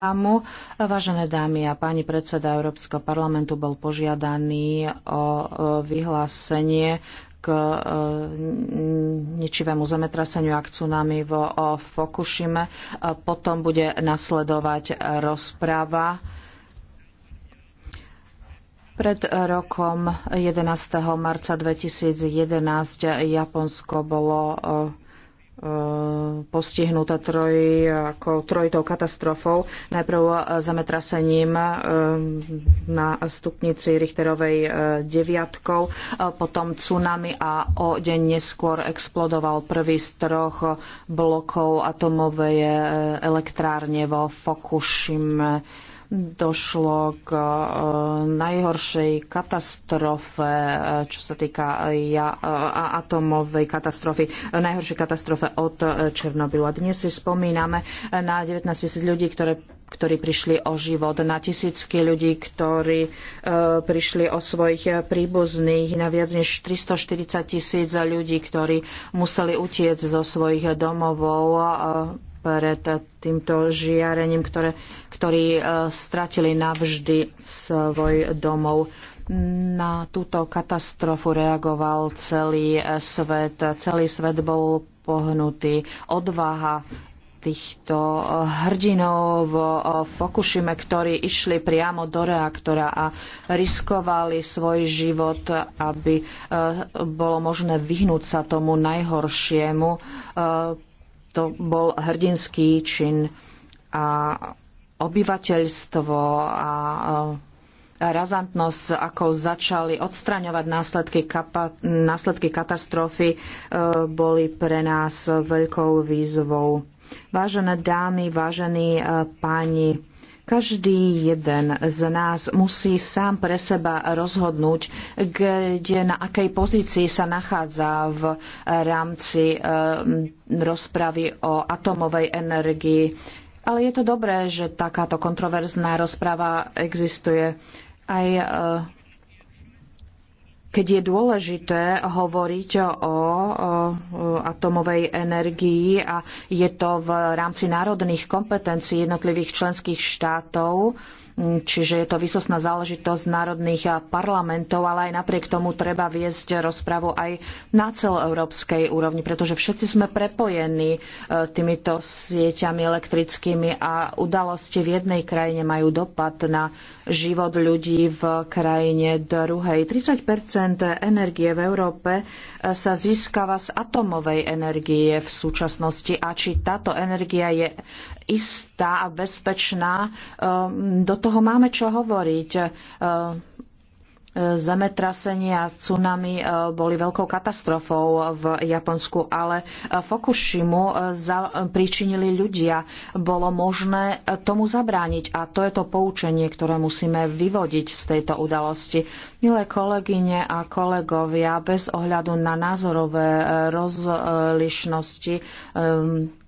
programu. Vážené dámy a páni, predseda Európskeho parlamentu bol požiadaný o vyhlásenie k e, ničivému zemetraseniu a k tsunami vo Fokušime. E, potom bude nasledovať rozprava. Pred rokom 11. marca 2011 Japonsko bolo e, postihnutá troj, ako trojitou katastrofou. Najprv zametrasením eh, na stupnici Richterovej eh, deviatkou, eh, potom tsunami a o deň neskôr explodoval prvý z troch blokov atomovej elektrárne vo Fukushima došlo k e, najhoršej katastrofe, e, čo sa týka e, ja, atomovej katastrofy, najhoršej katastrofe od Černobylu. A dnes si spomíname na 19 tisíc ľudí, ktoré ktorí prišli o život, na tisícky ľudí, ktorí e, prišli o svojich príbuzných, na viac než 340 tisíc ľudí, ktorí museli utiecť zo svojich domovov. E, pred týmto žiarením, ktoré, ktorí e, stratili navždy svoj domov. Na túto katastrofu reagoval celý e, svet. Celý svet bol pohnutý. Odvaha týchto e, hrdinov v Fokušime, ktorí išli priamo do reaktora a riskovali svoj život, aby bolo možné vyhnúť sa tomu najhoršiemu to bol hrdinský čin a obyvateľstvo a razantnosť, ako začali odstraňovať následky, kapa, následky katastrofy, e, boli pre nás veľkou výzvou. Vážené dámy, vážení e, páni, každý jeden z nás musí sám pre seba rozhodnúť, kde, na akej pozícii sa nachádza v rámci eh, rozpravy o atomovej energii. Ale je to dobré, že takáto kontroverzná rozprava existuje. Aj eh, keď je dôležité hovoriť o atomovej energii a je to v rámci národných kompetencií jednotlivých členských štátov, Čiže je to vysosná záležitosť národných parlamentov, ale aj napriek tomu treba viesť rozpravu aj na celoeurópskej úrovni, pretože všetci sme prepojení e, týmito sieťami elektrickými a udalosti v jednej krajine majú dopad na život ľudí v krajine druhej. 30 energie v Európe e, sa získava z atomovej energie v súčasnosti a či táto energia je istá a bezpečná, e, do toho toho máme čo hovoriť. E, Zemetrasenia a tsunami e, boli veľkou katastrofou v Japonsku, ale e, Fukushimu pričinili ľudia. Bolo možné tomu zabrániť a to je to poučenie, ktoré musíme vyvodiť z tejto udalosti. Milé kolegyne a kolegovia, bez ohľadu na názorové e, rozlišnosti e,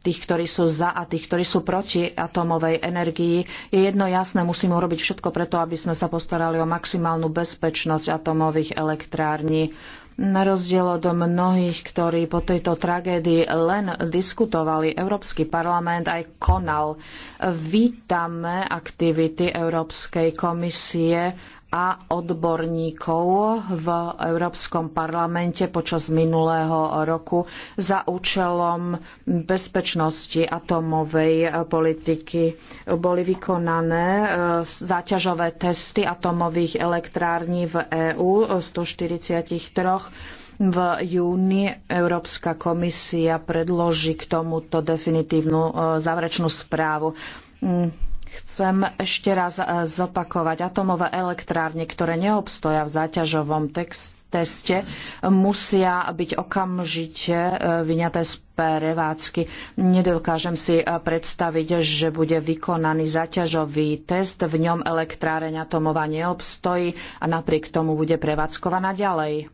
tých, ktorí sú za a tých, ktorí sú proti atómovej energii. Je jedno jasné, musíme urobiť všetko preto, aby sme sa postarali o maximálnu bezpečnosť atomových elektrární na rozdiel od mnohých, ktorí po tejto tragédii len diskutovali, Európsky parlament aj konal. Vítame aktivity Európskej komisie a odborníkov v Európskom parlamente počas minulého roku za účelom bezpečnosti atomovej politiky. Boli vykonané e, záťažové testy atomových elektrární v EÚ 143 v júni Európska komisia predloží k tomuto definitívnu e, záverečnú správu. Mm. Chcem ešte raz e, zopakovať. Atomové elektrárne, ktoré neobstoja v záťažovom teste, musia byť okamžite e, vyňaté z prevádzky. Nedokážem si e, predstaviť, že bude vykonaný záťažový test, v ňom elektráreň atomová neobstojí a napriek tomu bude prevádzkovaná ďalej.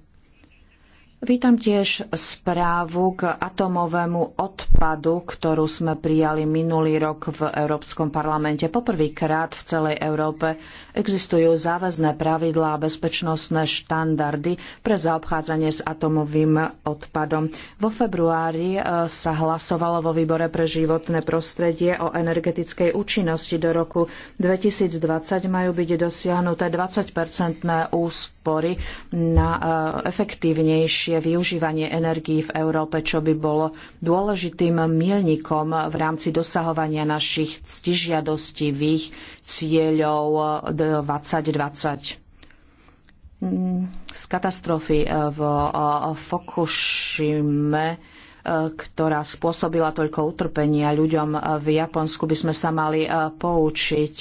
Vítam tiež správu k atomovému odpadu, ktorú sme prijali minulý rok v Európskom parlamente. Poprvýkrát v celej Európe existujú záväzné pravidlá a bezpečnostné štandardy pre zaobchádzanie s atomovým odpadom. Vo februári e, sa hlasovalo vo výbore pre životné prostredie o energetickej účinnosti. Do roku 2020 majú byť dosiahnuté 20-percentné úspory na e, efektívnejšie je využívanie energií v Európe, čo by bolo dôležitým mielnikom v rámci dosahovania našich ctižiadostivých cieľov 2020 z katastrofy v Fukushime, e, ktorá spôsobila toľko utrpenia ľuďom v Japonsku, by sme sa mali e, poučiť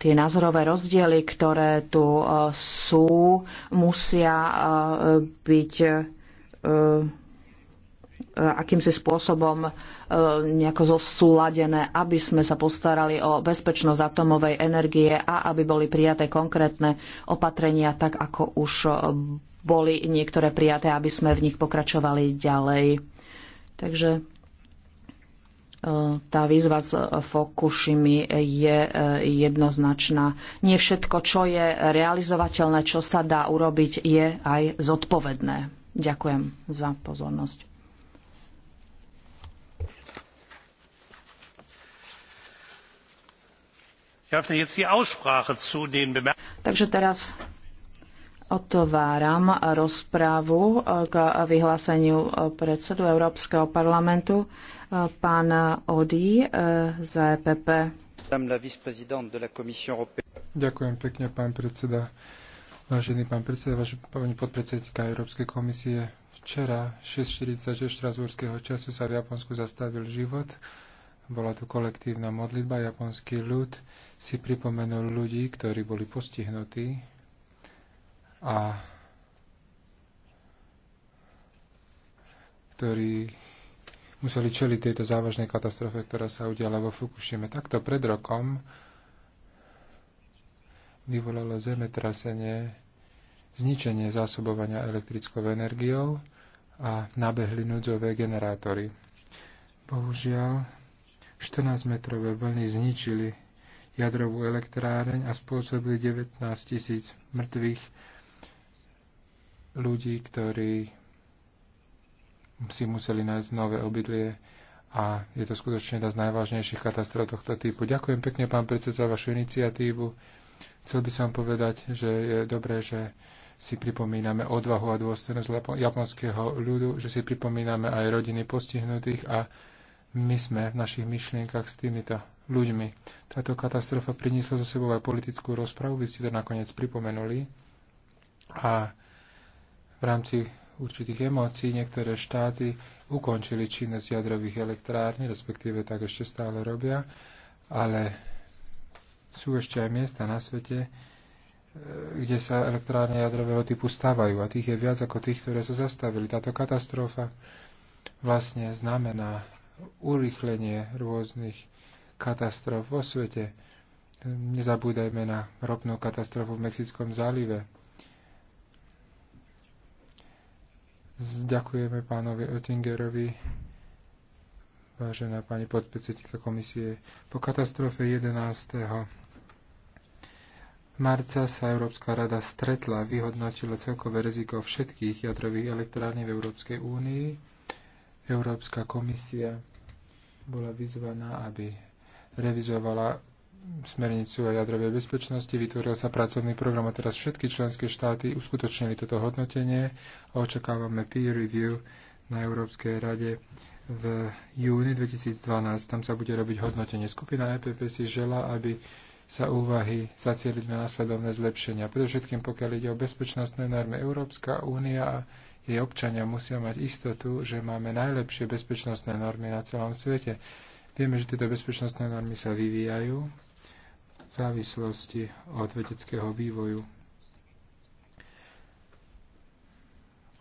tie názorové rozdiely, ktoré tu e, sú, musia e, byť e, akýmsi spôsobom nejako zosúladené, aby sme sa postarali o bezpečnosť atómovej energie a aby boli prijaté konkrétne opatrenia, tak ako už boli niektoré prijaté, aby sme v nich pokračovali ďalej. Takže tá výzva s Fokušimi je e, jednoznačná. Nie všetko, čo je realizovateľné, čo sa dá urobiť, je aj zodpovedné. Ďakujem za pozornosť. Takže teraz Otváram rozprávu k vyhláseniu predsedu Európskeho parlamentu pána Odi z e EPP. Ďakujem pekne, pán predseda. Vážený pán predseda, vaši pani podpredsedka Európskej komisie, včera 6.46 štrasburského času sa v Japonsku zastavil život. Bola tu kolektívna modlitba. Japonský ľud si pripomenul ľudí, ktorí boli postihnutí a ktorí museli čeliť tejto závažnej katastrofe, ktorá sa udiala vo Fukushime. Takto pred rokom vyvolalo zemetrasenie, zničenie zásobovania elektrickou energiou a nabehli núdzové generátory. Bohužiaľ, 14-metrové vlny zničili jadrovú elektráreň a spôsobili 19 tisíc mŕtvych ľudí, ktorí si museli nájsť nové obydlie a je to skutočne jedna z najvážnejších katastrof tohto typu. Ďakujem pekne, pán predseda, za vašu iniciatívu. Chcel by som povedať, že je dobré, že si pripomíname odvahu a dôstojnosť japonského ľudu, že si pripomíname aj rodiny postihnutých a my sme v našich myšlienkach s týmito ľuďmi. Táto katastrofa priniesla zo sebou aj politickú rozpravu, vy ste to nakoniec pripomenuli. A v rámci určitých emócií niektoré štáty ukončili činnosť jadrových elektrární, respektíve tak ešte stále robia, ale sú ešte aj miesta na svete, e, kde sa elektrárne jadrového typu stávajú a tých je viac ako tých, ktoré sa zastavili. Táto katastrofa vlastne znamená urýchlenie rôznych katastrof vo svete. Nezabúdajme na ropnú katastrofu v Mexickom zálive. Ďakujeme pánovi Oettingerovi, vážená pani podpredsedníka komisie. Po katastrofe 11. marca sa Európska rada stretla, vyhodnotila celkové riziko všetkých jadrových elektrární v Európskej únii. Európska komisia bola vyzvaná, aby revizovala smernicu o jadrovej bezpečnosti, vytvoril sa pracovný program a teraz všetky členské štáty uskutočnili toto hodnotenie a očakávame peer review na Európskej rade v júni 2012. Tam sa bude robiť hodnotenie. Skupina EPP si žela, aby sa úvahy zacielili na následovné zlepšenia. Predovšetkým pokiaľ ide o bezpečnostné normy Európska únia a jej občania musia mať istotu, že máme najlepšie bezpečnostné normy na celom svete. Vieme, že tieto bezpečnostné normy sa vyvíjajú, závislosti od vedeckého vývoju.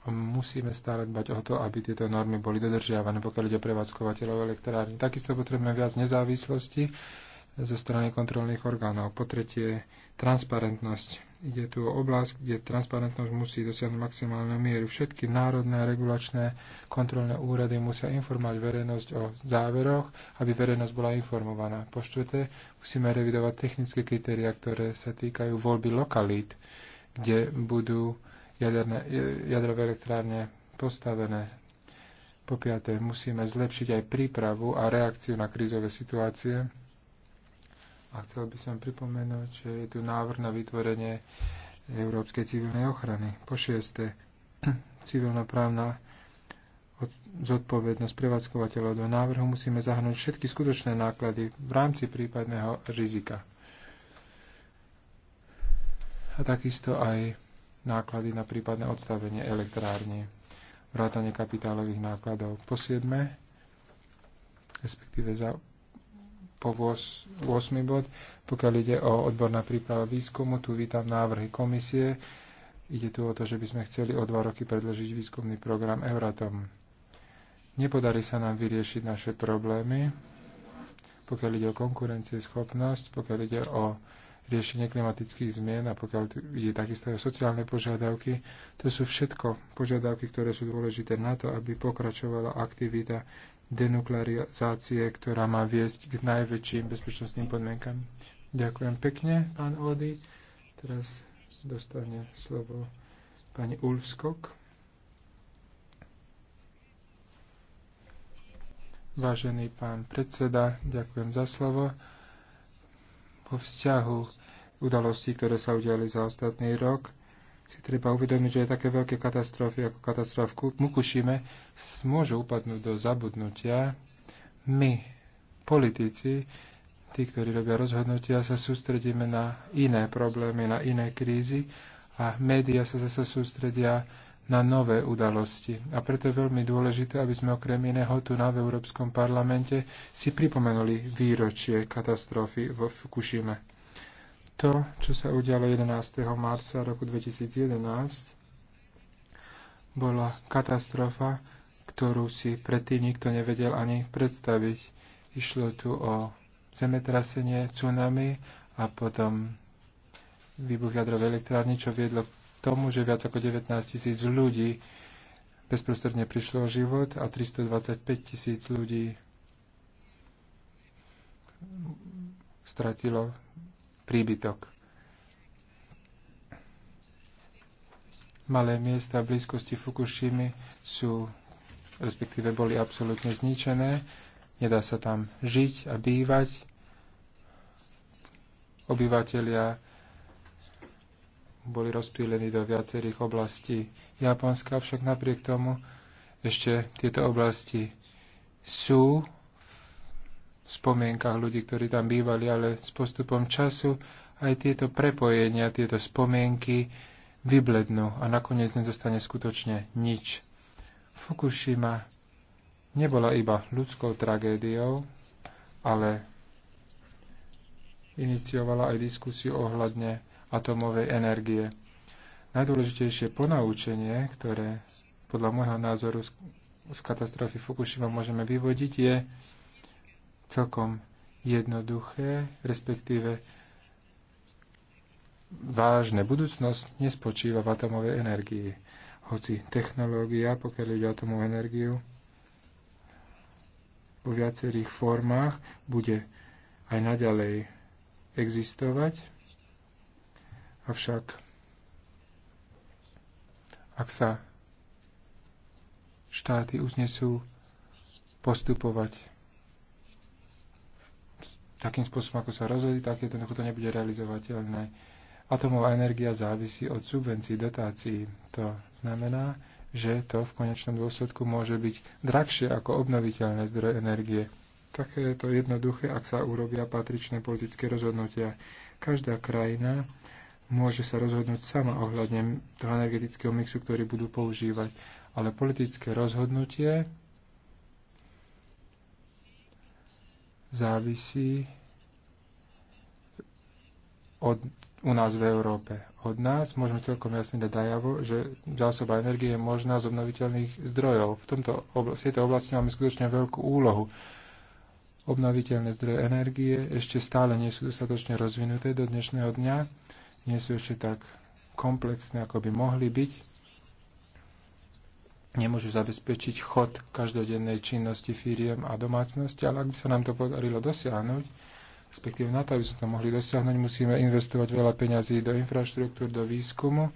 Musíme stále dbať o to, aby tieto normy boli dodržiavané, pokiaľ ide o prevádzkovateľov elektrární. Takisto potrebujeme viac nezávislosti zo strany kontrolných orgánov. Po tretie, transparentnosť Ide tu o oblasť, kde transparentnosť musí dosiahnuť maximálnu mieru. Všetky národné regulačné kontrolné úrady musia informovať verejnosť o záveroch, aby verejnosť bola informovaná. Po štvrté, musíme revidovať technické kritéria, ktoré sa týkajú voľby lokalít, kde budú jaderné, jadrové elektrárne postavené. Po piaté, musíme zlepšiť aj prípravu a reakciu na krízové situácie a chcel by som pripomenúť, že je tu návrh na vytvorenie Európskej civilnej ochrany. Po šieste, civilnoprávna zodpovednosť prevádzkovateľov do návrhu musíme zahrnúť všetky skutočné náklady v rámci prípadného rizika. A takisto aj náklady na prípadné odstavenie elektrárne, vrátanie kapitálových nákladov. Po siedme, respektíve za po 8. bod. Pokiaľ ide o odborná príprava výskumu, tu vítam návrhy komisie. Ide tu o to, že by sme chceli o dva roky predložiť výskumný program Euratom. Nepodarí sa nám vyriešiť naše problémy, pokiaľ ide o konkurencieschopnosť, pokiaľ ide o riešenie klimatických zmien a pokiaľ ide takisto aj o sociálne požiadavky. To sú všetko požiadavky, ktoré sú dôležité na to, aby pokračovala aktivita denuklearizácie, ktorá má viesť k najväčším bezpečnostným podmienkam. Ďakujem pekne, pán Ody. Teraz dostane slovo pani Ulfskok. Vážený pán predseda, ďakujem za slovo. Po vzťahu udalostí, ktoré sa udiali za ostatný rok, si treba uvedomiť, že aj také veľké katastrofy ako katastrofku Mukušime môžu upadnúť do zabudnutia. My, politici, tí, ktorí robia rozhodnutia, sa sústredíme na iné problémy, na iné krízy a médiá sa zase sústredia na nové udalosti. A preto je veľmi dôležité, aby sme okrem iného tu na v Európskom parlamente si pripomenuli výročie katastrofy vo Fukushima to, čo sa udialo 11. marca roku 2011, bola katastrofa, ktorú si predtým nikto nevedel ani predstaviť. Išlo tu o zemetrasenie, tsunami a potom výbuch jadrovej elektrárny, čo viedlo k tomu, že viac ako 19 tisíc ľudí bezprostredne prišlo o život a 325 tisíc ľudí stratilo príbytok. Malé miesta v blízkosti Fukushimy sú, respektíve boli absolútne zničené, nedá sa tam žiť a bývať. Obyvatelia boli rozpílení do viacerých oblastí Japonska, však napriek tomu ešte tieto oblasti sú spomienkach ľudí, ktorí tam bývali, ale s postupom času aj tieto prepojenia, tieto spomienky vyblednú a nakoniec nezostane skutočne nič. Fukushima nebola iba ľudskou tragédiou, ale iniciovala aj diskusiu ohľadne atomovej energie. Najdôležitejšie ponaučenie, ktoré podľa môjho názoru z katastrofy Fukushima môžeme vyvodiť, je, celkom jednoduché, respektíve vážne. Budúcnosť nespočíva v atomovej energii. Hoci technológia, pokiaľ ide o atomovú energiu, vo viacerých formách bude aj naďalej existovať. Avšak ak sa štáty uznesú postupovať takým spôsobom, ako sa rozhodli, tak jednoducho to nebude realizovateľné. Atomová energia závisí od subvencií, dotácií. To znamená, že to v konečnom dôsledku môže byť drahšie ako obnoviteľné zdroje energie. Také je to jednoduché, ak sa urobia patričné politické rozhodnutia. Každá krajina môže sa rozhodnúť sama ohľadne toho energetického mixu, ktorý budú používať. Ale politické rozhodnutie závisí od, u nás v Európe. Od nás môžeme celkom jasne dať najavo, že zásoba energie je možná z obnoviteľných zdrojov. V, tomto, v tejto oblasti máme skutočne veľkú úlohu. Obnoviteľné zdroje energie ešte stále nie sú dostatočne rozvinuté do dnešného dňa, nie sú ešte tak komplexné, ako by mohli byť nemôžu zabezpečiť chod každodennej činnosti firiem a domácnosti, ale ak by sa nám to podarilo dosiahnuť, respektíve na to, aby sme to mohli dosiahnuť, musíme investovať veľa peňazí do infraštruktúr, do výskumu,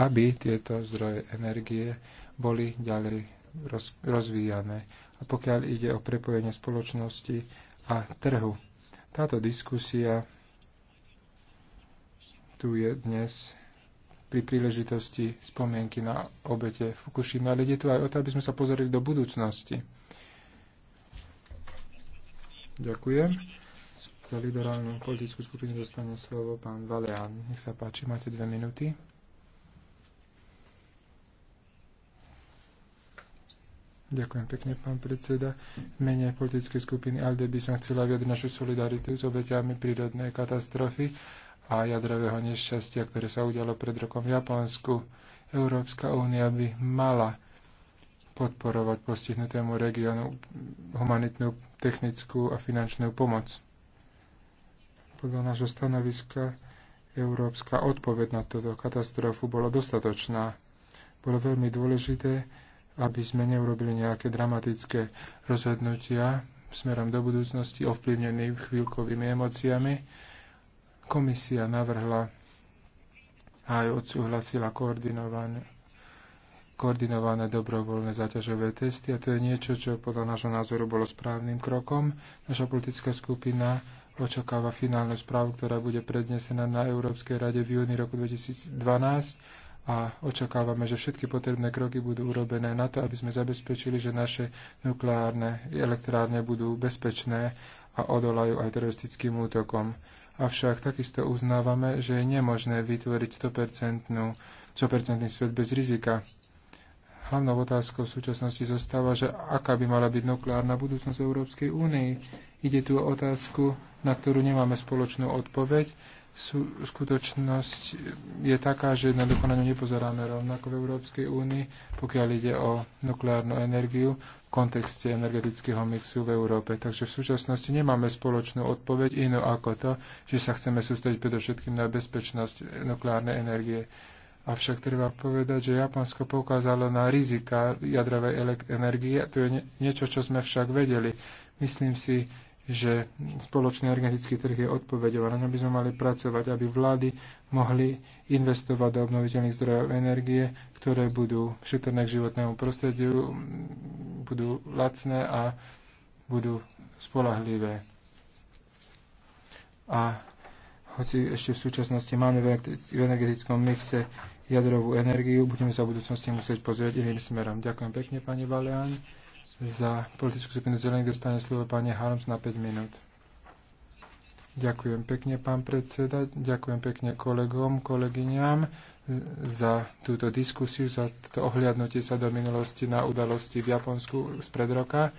aby tieto zdroje energie boli ďalej roz, rozvíjane. A pokiaľ ide o prepojenie spoločnosti a trhu, táto diskusia tu je dnes pri príležitosti spomienky na obete Fukushima, ale ide tu aj o to, aby sme sa pozreli do budúcnosti. Ďakujem. Za liberálnu politickú skupinu dostane slovo pán Valean. Nech sa páči, máte dve minúty. Ďakujem pekne, pán predseda. V mene politickej skupiny ALDE by som chcela vyjadriť našu solidaritu s obeťami prírodnej katastrofy a jadrového nešťastia, ktoré sa udialo pred rokom v Japonsku, Európska únia by mala podporovať postihnutému regiónu humanitnú, technickú a finančnú pomoc. Podľa nášho stanoviska európska odpoveď na túto katastrofu bola dostatočná. Bolo veľmi dôležité, aby sme neurobili nejaké dramatické rozhodnutia smerom do budúcnosti ovplyvnených chvíľkovými emóciami, Komisia navrhla a aj odsúhlasila koordinované, koordinované dobrovoľné záťažové testy a to je niečo, čo podľa nášho názoru bolo správnym krokom. Naša politická skupina očakáva finálnu správu, ktorá bude prednesená na Európskej rade v júni roku 2012 a očakávame, že všetky potrebné kroky budú urobené na to, aby sme zabezpečili, že naše nukleárne elektrárne budú bezpečné a odolajú aj teroristickým útokom avšak takisto uznávame, že je nemožné vytvoriť 100%, 100% svet bez rizika. Hlavnou otázkou v súčasnosti zostáva, že aká by mala byť nukleárna budúcnosť Európskej únie Ide tu o otázku, na ktorú nemáme spoločnú odpoveď. Sú, skutočnosť je taká, že na ňu nepozeráme rovnako v Európskej únii, pokiaľ ide o nukleárnu energiu v kontexte energetického mixu v Európe. Takže v súčasnosti nemáme spoločnú odpoveď inú ako to, že sa chceme sústrediť predovšetkým na bezpečnosť nukleárnej energie. Avšak treba povedať, že Japonsko poukázalo na rizika jadrovej energie. To je niečo, čo sme však vedeli. Myslím si, že spoločný energetický trh je odpovedou, ale by sme mali pracovať, aby vlády mohli investovať do obnoviteľných zdrojov energie, ktoré budú šetrné k životnému prostrediu, budú lacné a budú spolahlivé. A hoci ešte v súčasnosti máme v energetickom mixe jadrovú energiu, budeme sa v budúcnosti musieť pozrieť iným smerom. Ďakujem pekne, pani Baleán. Za politickú skupinu zelených dostane slovo pani Harms na 5 minút. Ďakujem pekne, pán predseda. Ďakujem pekne kolegom, kolegyňam za túto diskusiu, za to ohliadnutie sa do minulosti na udalosti v Japonsku spred roka.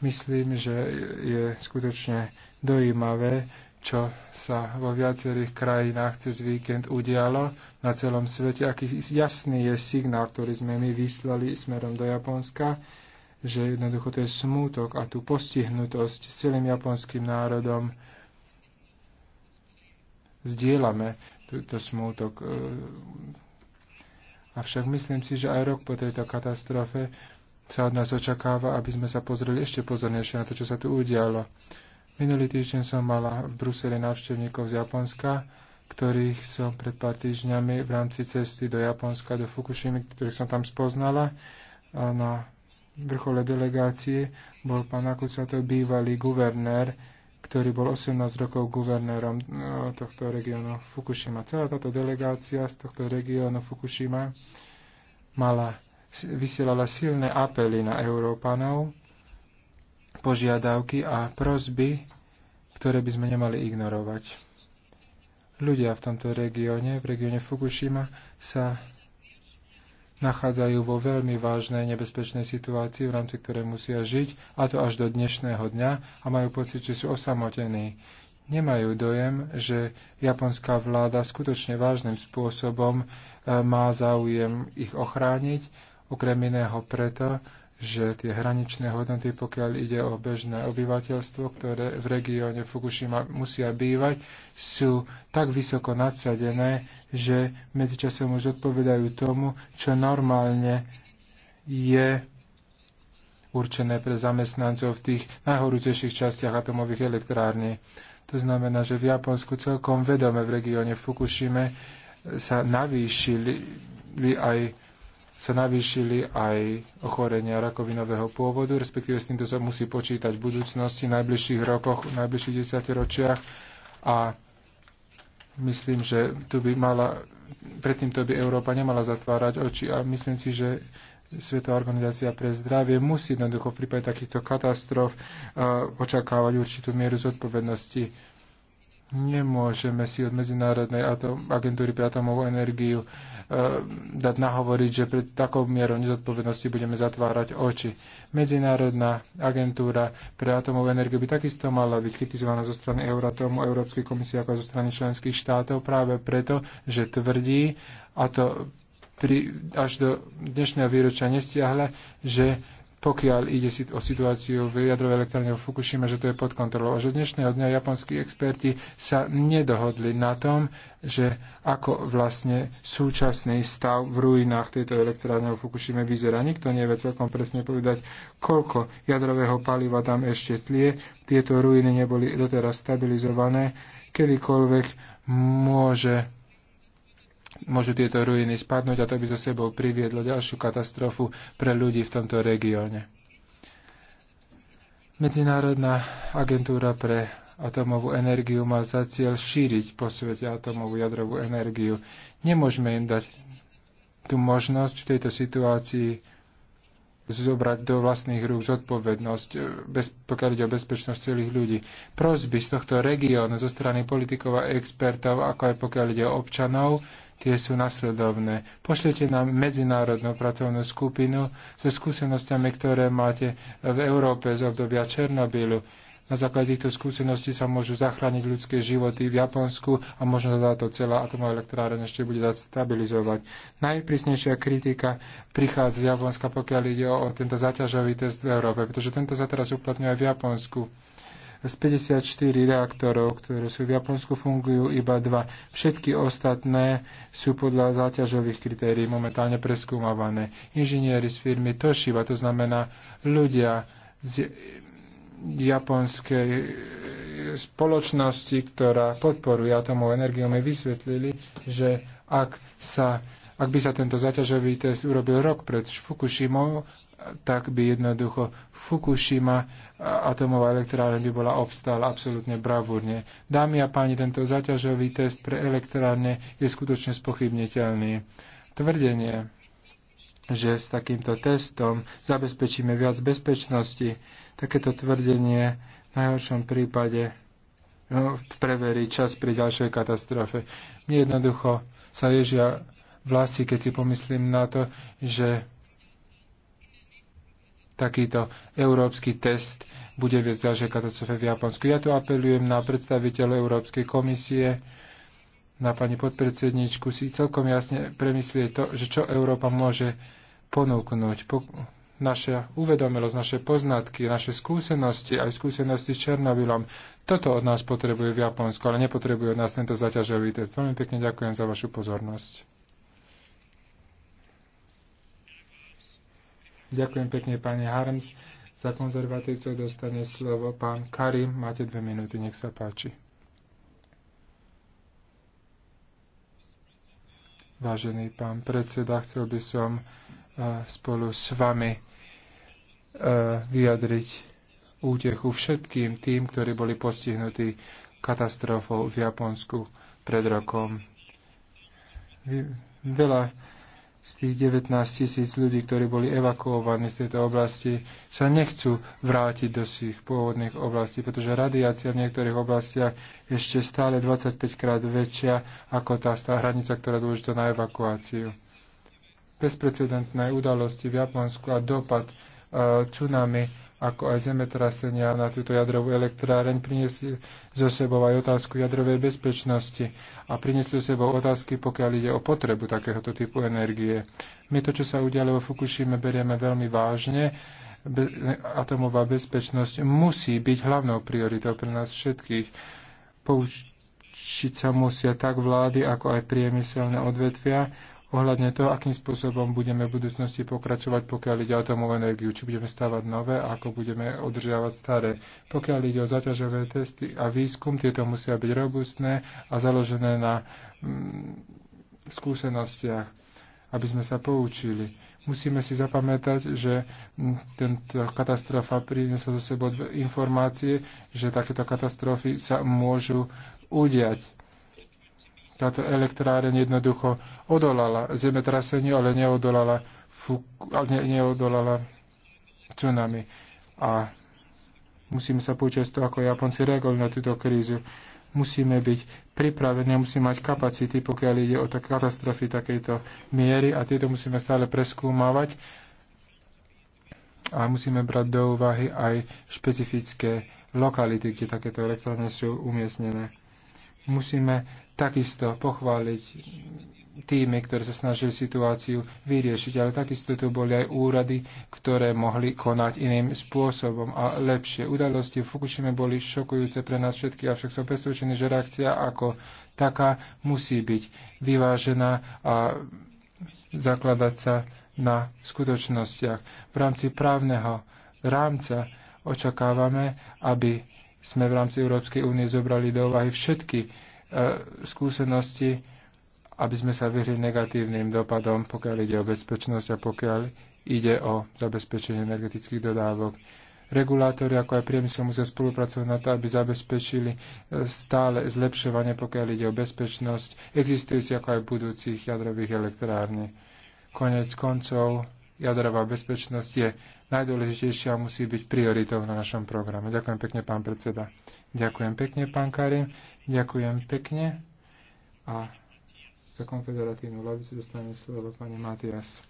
Myslím, že je skutočne dojímavé, čo sa vo viacerých krajinách cez víkend udialo na celom svete, aký jasný je signál, ktorý sme my vyslali smerom do Japonska že jednoducho to je smútok a tú postihnutosť s celým japonským národom zdieľame túto smútok. E, avšak myslím si, že aj rok po tejto katastrofe sa od nás očakáva, aby sme sa pozreli ešte pozornejšie na to, čo sa tu udialo. Minulý týždeň som mala v Bruseli návštevníkov z Japonska, ktorých som pred pár týždňami v rámci cesty do Japonska, do Fukushimy, ktorých som tam spoznala. A na vrchole delegácie bol pán Akusato, bývalý guvernér, ktorý bol 18 rokov guvernérom e, tohto regiónu Fukushima. Celá táto delegácia z tohto regiónu Fukushima mala, vysielala silné apely na Európanov, požiadavky a prosby, ktoré by sme nemali ignorovať. Ľudia v tomto regióne, v regióne Fukushima, sa nachádzajú vo veľmi vážnej nebezpečnej situácii, v rámci ktorej musia žiť, a to až do dnešného dňa a majú pocit, že sú osamotení. Nemajú dojem, že japonská vláda skutočne vážnym spôsobom e, má záujem ich ochrániť, okrem iného preto, že tie hraničné hodnoty, pokiaľ ide o bežné obyvateľstvo, ktoré v regióne Fukushima musia bývať, sú tak vysoko nadsadené, že medzičasom už odpovedajú tomu, čo normálne je určené pre zamestnancov v tých najhorúcejších častiach atomových elektrární. To znamená, že v Japonsku celkom vedome v regióne Fukushima, sa navýšili aj sa navýšili aj ochorenia rakovinového pôvodu, respektíve s týmto sa musí počítať v budúcnosti, v najbližších rokoch, v najbližších desaťročiach a myslím, že tu by mala, predtým to by Európa nemala zatvárať oči a myslím si, že Svetová organizácia pre zdravie musí jednoducho v prípade takýchto katastrof uh, očakávať určitú mieru zodpovednosti Nemôžeme si od Medzinárodnej agentúry pre atomovú energiu e, dať nahovoriť, že pred takou mierou nezodpovednosti budeme zatvárať oči. Medzinárodná agentúra pre atomovú energiu by takisto mala byť kritizovaná zo strany Euratomu, Európskej komisie ako zo strany členských štátov práve preto, že tvrdí, a to pri, až do dnešného výročia nestiahle, že pokiaľ ide o situáciu v jadrovej elektrárne vo Fukushima, že to je pod kontrolou. A že dnešného dňa japonskí experti sa nedohodli na tom, že ako vlastne súčasný stav v ruinách tejto elektrárne vo Fukushime vyzerá. Nikto nevie celkom presne povedať, koľko jadrového paliva tam ešte tlie. Tieto ruiny neboli doteraz stabilizované. Kedykoľvek môže môžu tieto ruiny spadnúť a to by so sebou priviedlo ďalšiu katastrofu pre ľudí v tomto regióne. Medzinárodná agentúra pre atomovú energiu má za cieľ šíriť po svete atomovú jadrovú energiu. Nemôžeme im dať tú možnosť v tejto situácii zobrať do vlastných rúk zodpovednosť, eh, bez, pokiaľ ide o bezpečnosť celých ľudí. Prosby z tohto regiónu zo strany politikov a expertov, ako aj pokiaľ ide o občanov, tie sú nasledovné. Pošlite nám medzinárodnú pracovnú skupinu so skúsenostiami, ktoré máte v Európe z obdobia Černobylu. Na základe týchto skúseností sa môžu zachrániť ľudské životy v Japonsku a možno táto celá atomová elektrárna ešte bude dať stabilizovať. Najprísnejšia kritika prichádza z Japonska, pokiaľ ide o tento zaťažový test v Európe, pretože tento sa teraz uplatňuje v Japonsku. Z 54 reaktorov, ktoré sú v Japonsku, fungujú iba dva. Všetky ostatné sú podľa záťažových kritérií momentálne preskúmované. Inžinieri z firmy Toshiba, to znamená ľudia z japonskej spoločnosti, ktorá podporuje atomovú energiu, mi vysvetlili, že ak sa ak by sa tento zaťažový test urobil rok pred Fukushimou, tak by jednoducho Fukushima atomová elektrárne by bola obstála absolútne bravúrne. Dámy a páni, tento zaťažový test pre elektrárne je skutočne spochybniteľný. Tvrdenie, že s takýmto testom zabezpečíme viac bezpečnosti, takéto tvrdenie v najhoršom prípade no, preverí čas pri ďalšej katastrofe. Mne jednoducho sa ježia vlasy, keď si pomyslím na to, že takýto európsky test bude viesť ďalšie katastrofe v Japonsku. Ja tu apelujem na predstaviteľ Európskej komisie, na pani podpredsedničku si celkom jasne premyslie to, že čo Európa môže ponúknuť. Po, naša uvedomilosť, naše poznatky, naše skúsenosti, aj skúsenosti s Černobylom, toto od nás potrebuje v Japonsku, ale nepotrebuje od nás tento zaťažový test. Veľmi pekne ďakujem za vašu pozornosť. Ďakujem pekne, pani Harms. Za konzervatívcov dostane slovo pán Karim. Máte dve minúty, nech sa páči. Vážený pán predseda, chcel by som e, spolu s vami e, vyjadriť útechu všetkým tým, ktorí boli postihnutí katastrofou v Japonsku pred rokom. Veľa z tých 19 tisíc ľudí, ktorí boli evakuovaní z tejto oblasti, sa nechcú vrátiť do svojich pôvodných oblastí, pretože radiácia v niektorých oblastiach ešte stále 25 krát väčšia ako tá, tá hranica, ktorá dôležitá na evakuáciu. Bezprecedentné udalosti v Japonsku a dopad uh, tsunami ako aj zemetrasenia na túto jadrovú elektráreň priniesli zo sebou aj otázku jadrovej bezpečnosti a priniesli zo sebou otázky, pokiaľ ide o potrebu takéhoto typu energie. My to, čo sa udialo vo Fukushime, berieme veľmi vážne. Be- atomová bezpečnosť musí byť hlavnou prioritou pre nás všetkých. Poučiť sa musia tak vlády, ako aj priemyselné odvetvia ohľadne toho, akým spôsobom budeme v budúcnosti pokračovať, pokiaľ ide o atomovú energiu, či budeme stávať nové a ako budeme održiavať staré. Pokiaľ ide o zaťažové testy a výskum, tieto musia byť robustné a založené na mm, skúsenostiach, aby sme sa poučili. Musíme si zapamätať, že mm, tento katastrofa priniesla zo sebou informácie, že takéto katastrofy sa môžu udiať táto elektráreň jednoducho odolala zemetraseniu, ale neodolala, fuk- ale neodolala tsunami. A musíme sa poučiť z toho, ako Japonci reagovali na túto krízu. Musíme byť pripravení musíme mať kapacity, pokiaľ ide o tak katastrofy takejto miery a tieto musíme stále preskúmavať a musíme brať do úvahy aj špecifické lokality, kde takéto elektrárne sú umiestnené. Musíme takisto pochváliť tými, ktoré sa snažili situáciu vyriešiť, ale takisto tu boli aj úrady, ktoré mohli konať iným spôsobom a lepšie. Udalosti v Fukushime boli šokujúce pre nás všetky, avšak som presvedčený, že reakcia ako taká musí byť vyvážená a zakladať sa na skutočnostiach. V rámci právneho rámca očakávame, aby sme v rámci Európskej únie zobrali do úvahy všetky E, skúsenosti, aby sme sa vyhli negatívnym dopadom, pokiaľ ide o bezpečnosť a pokiaľ ide o zabezpečenie energetických dodávok. Regulátori ako aj priemysel musia spolupracovať na to, aby zabezpečili e, stále zlepšovanie, pokiaľ ide o bezpečnosť existujúcich ako aj budúcich jadrových elektrární. Konec koncov jadrová bezpečnosť je najdôležitejšia a musí byť prioritou na našom programe. Ďakujem pekne, pán predseda. Ďakujem pekne, pán Karim. Ďakujem pekne. A za konfederatívnu hlavicu dostane slovo pani Matias.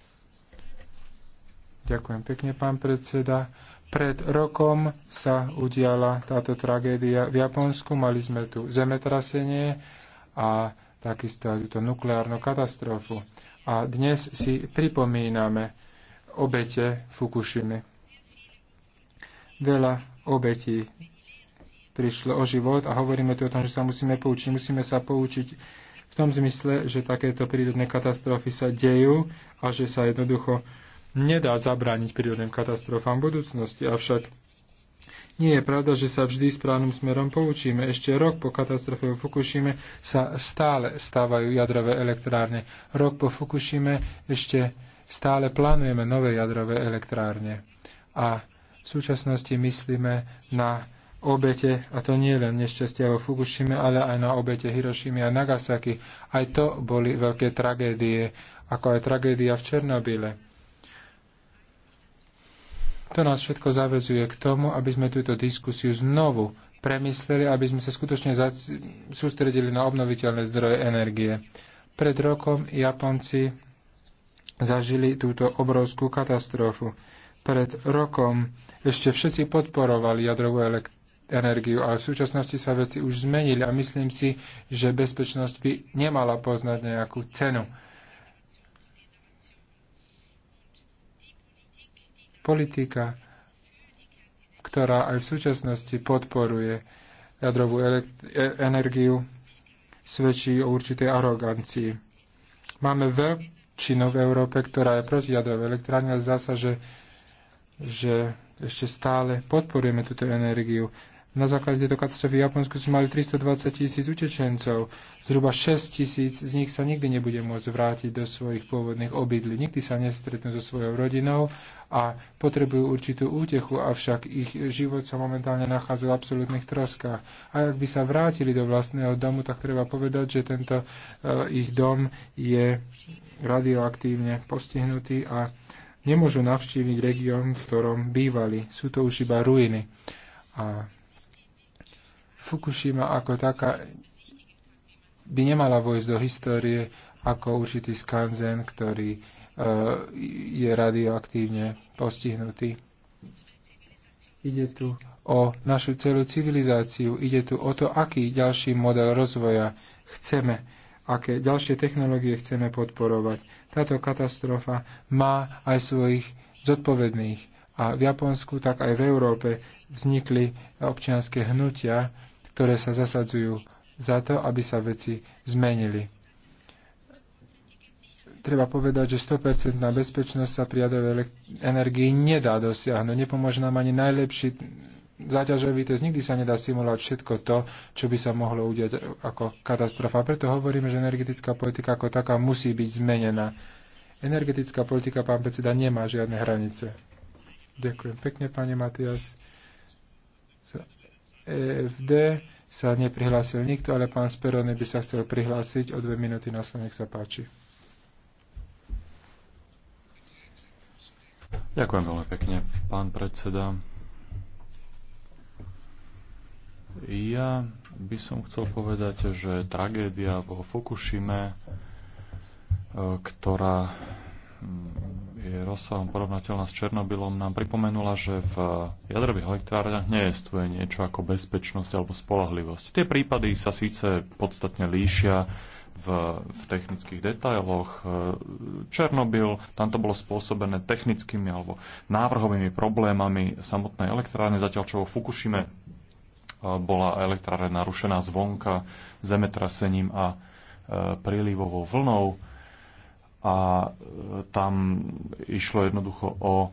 Ďakujem pekne, pán predseda. Pred rokom sa udiala táto tragédia v Japonsku. Mali sme tu zemetrasenie a takisto aj túto nukleárnu katastrofu. A dnes si pripomíname obete Fukushimy. Veľa obetí prišlo o život a hovoríme tu o tom, že sa musíme poučiť. Musíme sa poučiť v tom zmysle, že takéto prírodné katastrofy sa dejú a že sa jednoducho nedá zabrániť prírodným katastrofám v budúcnosti. Avšak nie je pravda, že sa vždy správnym smerom poučíme. Ešte rok po katastrofe v Fukushime sa stále stávajú jadrové elektrárne. Rok po Fukushime ešte stále plánujeme nové jadrové elektrárne. A v súčasnosti myslíme na obete, a to nie len nešťastia vo Fukushime, ale aj na obete Hirošimy a Nagasaki. Aj to boli veľké tragédie, ako aj tragédia v Černobyle. To nás všetko zavezuje k tomu, aby sme túto diskusiu znovu premysleli, aby sme sa skutočne sústredili na obnoviteľné zdroje energie. Pred rokom Japonci zažili túto obrovskú katastrofu. Pred rokom ešte všetci podporovali jadrovú energiu, ale v súčasnosti sa veci už zmenili a myslím si, že bezpečnosť by nemala poznať nejakú cenu. Politika, ktorá aj v súčasnosti podporuje jadrovú e- energiu, svedčí o určitej arogancii. Máme veľkú väčšinou v Európe, ktorá je proti jadrovej elektrárne, ale zdá sa, že, že ešte stále podporujeme túto energiu. Na základe tejto katastrofy v Japonsku sme mali 320 tisíc utečencov. Zhruba 6 tisíc z nich sa nikdy nebude môcť vrátiť do svojich pôvodných obydlí. Nikdy sa nestretnú so svojou rodinou a potrebujú určitú útechu, avšak ich život sa momentálne nachádza v absolútnych troskách. A ak by sa vrátili do vlastného domu, tak treba povedať, že tento eh, ich dom je radioaktívne postihnutý a nemôžu navštíviť región, v ktorom bývali. Sú to už iba ruiny. A Fukushima ako taká by nemala vojsť do histórie ako určitý skanzen, ktorý e, je radioaktívne postihnutý. Ide tu o našu celú civilizáciu, ide tu o to, aký ďalší model rozvoja chceme, aké ďalšie technológie chceme podporovať. Táto katastrofa má aj svojich zodpovedných a v Japonsku, tak aj v Európe vznikli občianské hnutia, ktoré sa zasadzujú za to, aby sa veci zmenili. Treba povedať, že 100% bezpečnosť sa pri jadrovej energii nedá dosiahnuť. Nepomôže nám ani najlepší záťažový test. Nikdy sa nedá simulovať všetko to, čo by sa mohlo udiať ako katastrofa. Preto hovoríme, že energetická politika ako taká musí byť zmenená. Energetická politika, pán predseda, nemá žiadne hranice. Ďakujem pekne, pani Matias. EFD sa neprihlásil nikto, ale pán Sperony by sa chcel prihlásiť o dve minúty na nech sa páči. Ďakujem veľmi pekne, pán predseda. Ja by som chcel povedať, že tragédia vo Fukushime, e, ktorá je rozsahom porovnateľná s Černobylom, nám pripomenula, že v jadrových elektrárniach neestuje niečo ako bezpečnosť alebo spolahlivosť. Tie prípady sa síce podstatne líšia v, v technických detailoch. E, Černobyl, tam to bolo spôsobené technickými alebo návrhovými problémami samotnej elektrárne, zatiaľ čo vo Fukushime e, bola elektrárne narušená zvonka zemetrasením a e, prílivovou vlnou a e, tam išlo jednoducho o e,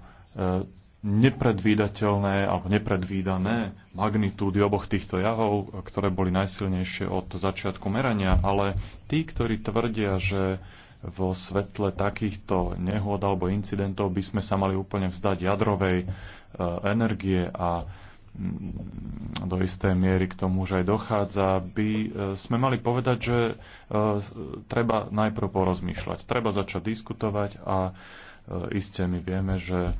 nepredvídateľné alebo nepredvídané magnitúdy oboch týchto javov, ktoré boli najsilnejšie od začiatku merania, ale tí, ktorí tvrdia, že vo svetle takýchto nehôd alebo incidentov by sme sa mali úplne vzdať jadrovej e, energie a Mm, do istej miery k tomu, že aj dochádza, by e, sme mali povedať, že e, treba najprv porozmýšľať, treba začať diskutovať a e, iste my vieme, že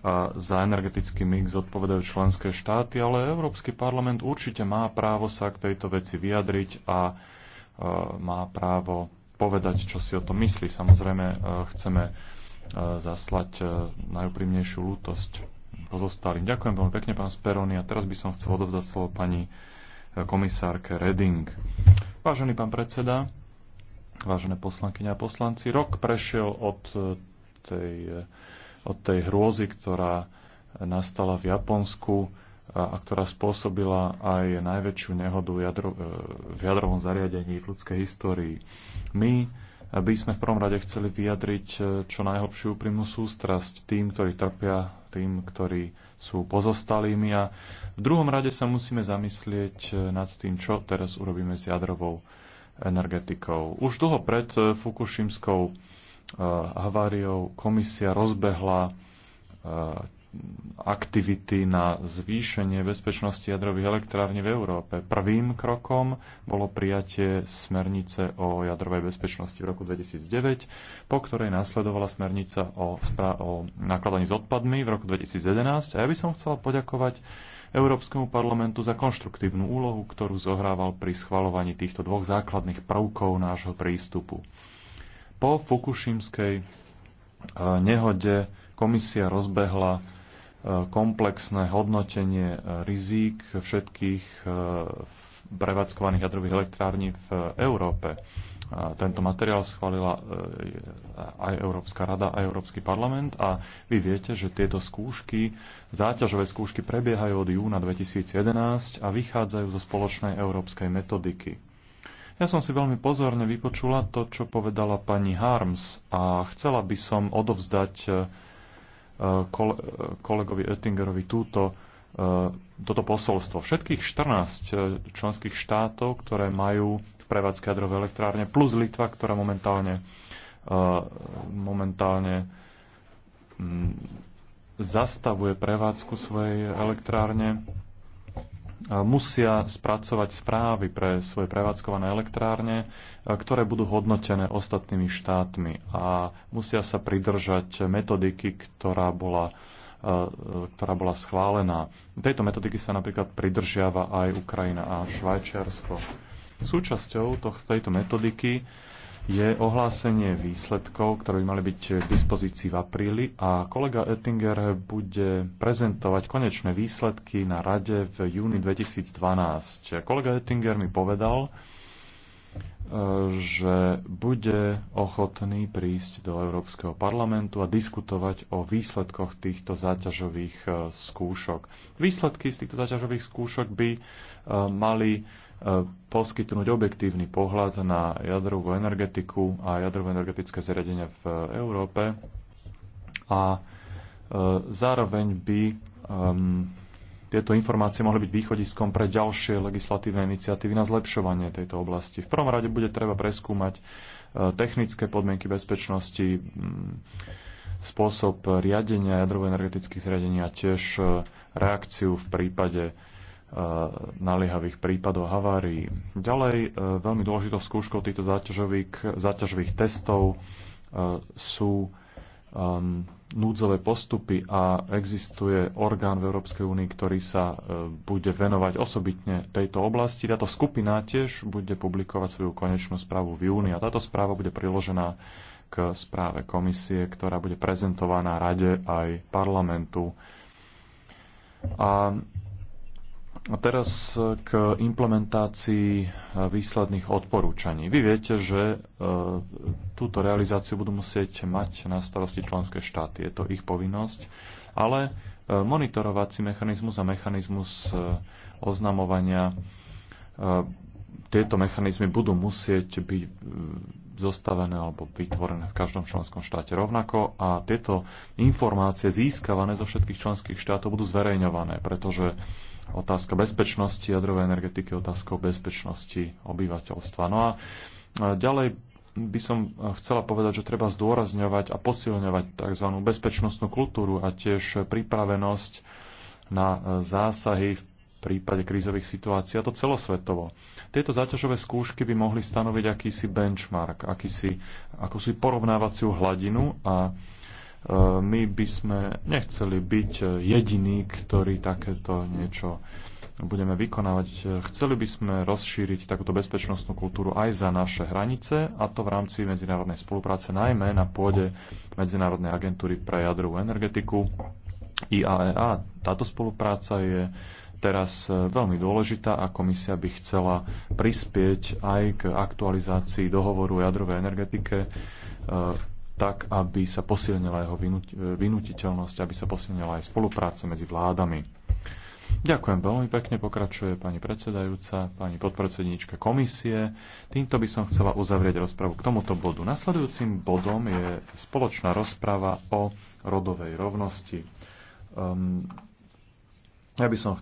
a za energetický mix odpovedajú členské štáty, ale Európsky parlament určite má právo sa k tejto veci vyjadriť a má právo povedať, čo si o tom myslí. Samozrejme, chceme zaslať najúprimnejšiu lútosť pozostalým. Ďakujem veľmi pekne, pán Speroni. A teraz by som chcel odovzdať slovo pani e, komisárke Reding. Vážený pán predseda, vážené poslankyňa a poslanci, rok prešiel od e, tej, e, od tej hrôzy, ktorá nastala v Japonsku a, a ktorá spôsobila aj najväčšiu nehodu jadro, v jadrovom zariadení v ľudskej histórii. My by sme v prvom rade chceli vyjadriť e, čo najhlbšiu úprimnú sústrasť tým, ktorí trpia, tým, ktorí sú pozostalými a v druhom rade sa musíme zamyslieť e, nad tým, čo teraz urobíme s jadrovou energetikou. Už dlho pred e, Fukushimskou haváriou komisia rozbehla aktivity na zvýšenie bezpečnosti jadrových elektrární v Európe. Prvým krokom bolo prijatie smernice o jadrovej bezpečnosti v roku 2009, po ktorej následovala smernica o, o nakladaní s odpadmi v roku 2011. A ja by som chcela poďakovať Európskemu parlamentu za konštruktívnu úlohu, ktorú zohrával pri schvalovaní týchto dvoch základných prvkov nášho prístupu. Po fukušimskej eh, nehode komisia rozbehla komplexné hodnotenie e, rizík všetkých e, prevádzkovaných jadrových elektrární v Európe. E, tento materiál schválila aj Európska rada, aj Európsky parlament a vy viete, že tieto skúšky, záťažové skúšky prebiehajú od júna 2011 a vychádzajú zo spoločnej európskej metodiky. Ja som si veľmi pozorne vypočula to, čo povedala pani Harms a chcela by som odovzdať kolegovi Oettingerovi túto, e, toto posolstvo. Všetkých 14 e, členských štátov, ktoré majú v prevádzke jadrové elektrárne, plus Litva, ktorá momentálne, e, momentálne mm, zastavuje prevádzku svojej elektrárne, musia spracovať správy pre svoje prevádzkované elektrárne, e, ktoré budú hodnotené ostatnými štátmi a musia sa pridržať metodiky, ktorá bola e, ktorá bola schválená. Tejto metodiky sa napríklad pridržiava aj Ukrajina a Švajčiarsko. Súčasťou tejto metodiky je ohlásenie výsledkov, ktoré by mali byť k dispozícii v apríli a kolega Oettinger bude prezentovať konečné výsledky na rade v júni 2012. Kolega Ettinger mi povedal, e, že bude ochotný prísť do Európskeho parlamentu a diskutovať o výsledkoch týchto záťažových e, skúšok. Výsledky z týchto záťažových skúšok by e, mali poskytnúť objektívny pohľad na jadrovú energetiku a jadrové energetické zariadenia v Európe a e, zároveň by um, tieto informácie mohli byť východiskom pre ďalšie legislatívne iniciatívy na zlepšovanie tejto oblasti. V prvom rade bude treba preskúmať e, technické podmienky bezpečnosti, spôsob riadenia jadrovo-energetických zriadení a tiež reakciu v prípade Eh, naliehavých prípadov havárií. Ďalej, eh, veľmi dôležitou skúškou týchto záťažových, záťažových testov eh, sú ehm, núdzové postupy a existuje orgán v Európskej únii, ktorý sa bude venovať osobitne tejto oblasti. Táto skupina tiež bude publikovať svoju konečnú správu v júni a táto správa bude priložená k správe komisie, ktorá bude prezentovaná rade aj parlamentu. A a teraz e, k implementácii e, výsledných odporúčaní. Vy viete, že e, túto realizáciu budú musieť mať na starosti členské štáty. Je to ich povinnosť, ale monitorovací mechanizmus a mechanizmus oznamovania tieto mechanizmy budú musieť byť zostavené alebo vytvorené v každom členskom štáte rovnako a tieto informácie získavané zo všetkých členských štátov budú zverejňované, pretože otázka bezpečnosti jadrovej energetiky otázkou bezpečnosti obyvateľstva. No a ďalej by som chcela povedať, že treba zdôrazňovať a posilňovať tzv. bezpečnostnú kultúru a tiež pripravenosť na zásahy v prípade krízových situácií, a to celosvetovo. Tieto záťažové skúšky by mohli stanoviť akýsi benchmark, akýsi, akúsi porovnávaciu hladinu a Eh, my by sme nechceli byť eh, jediní, ktorí takéto niečo budeme vykonávať. Eh, chceli by sme rozšíriť takúto bezpečnostnú kultúru aj za naše hranice, a to v rámci medzinárodnej spolupráce, najmä na pôde Medzinárodnej agentúry pre jadrovú energetiku IAEA. E Táto spolupráca je teraz veľmi dôležitá a komisia by chcela prispieť aj k aktualizácii dohovoru o jadrovej energetike tak, aby sa posilnila jeho e, vynutiteľnosť, aby sa posilnila aj spolupráca medzi vládami. Ďakujem veľmi pekne, pokračuje pani predsedajúca, pani podpredsedníčka komisie. Týmto by som chcela uzavrieť rozpravu k tomuto bodu. Nasledujúcim bodom je spoločná rozprava o rodovej rovnosti. Um, ja by som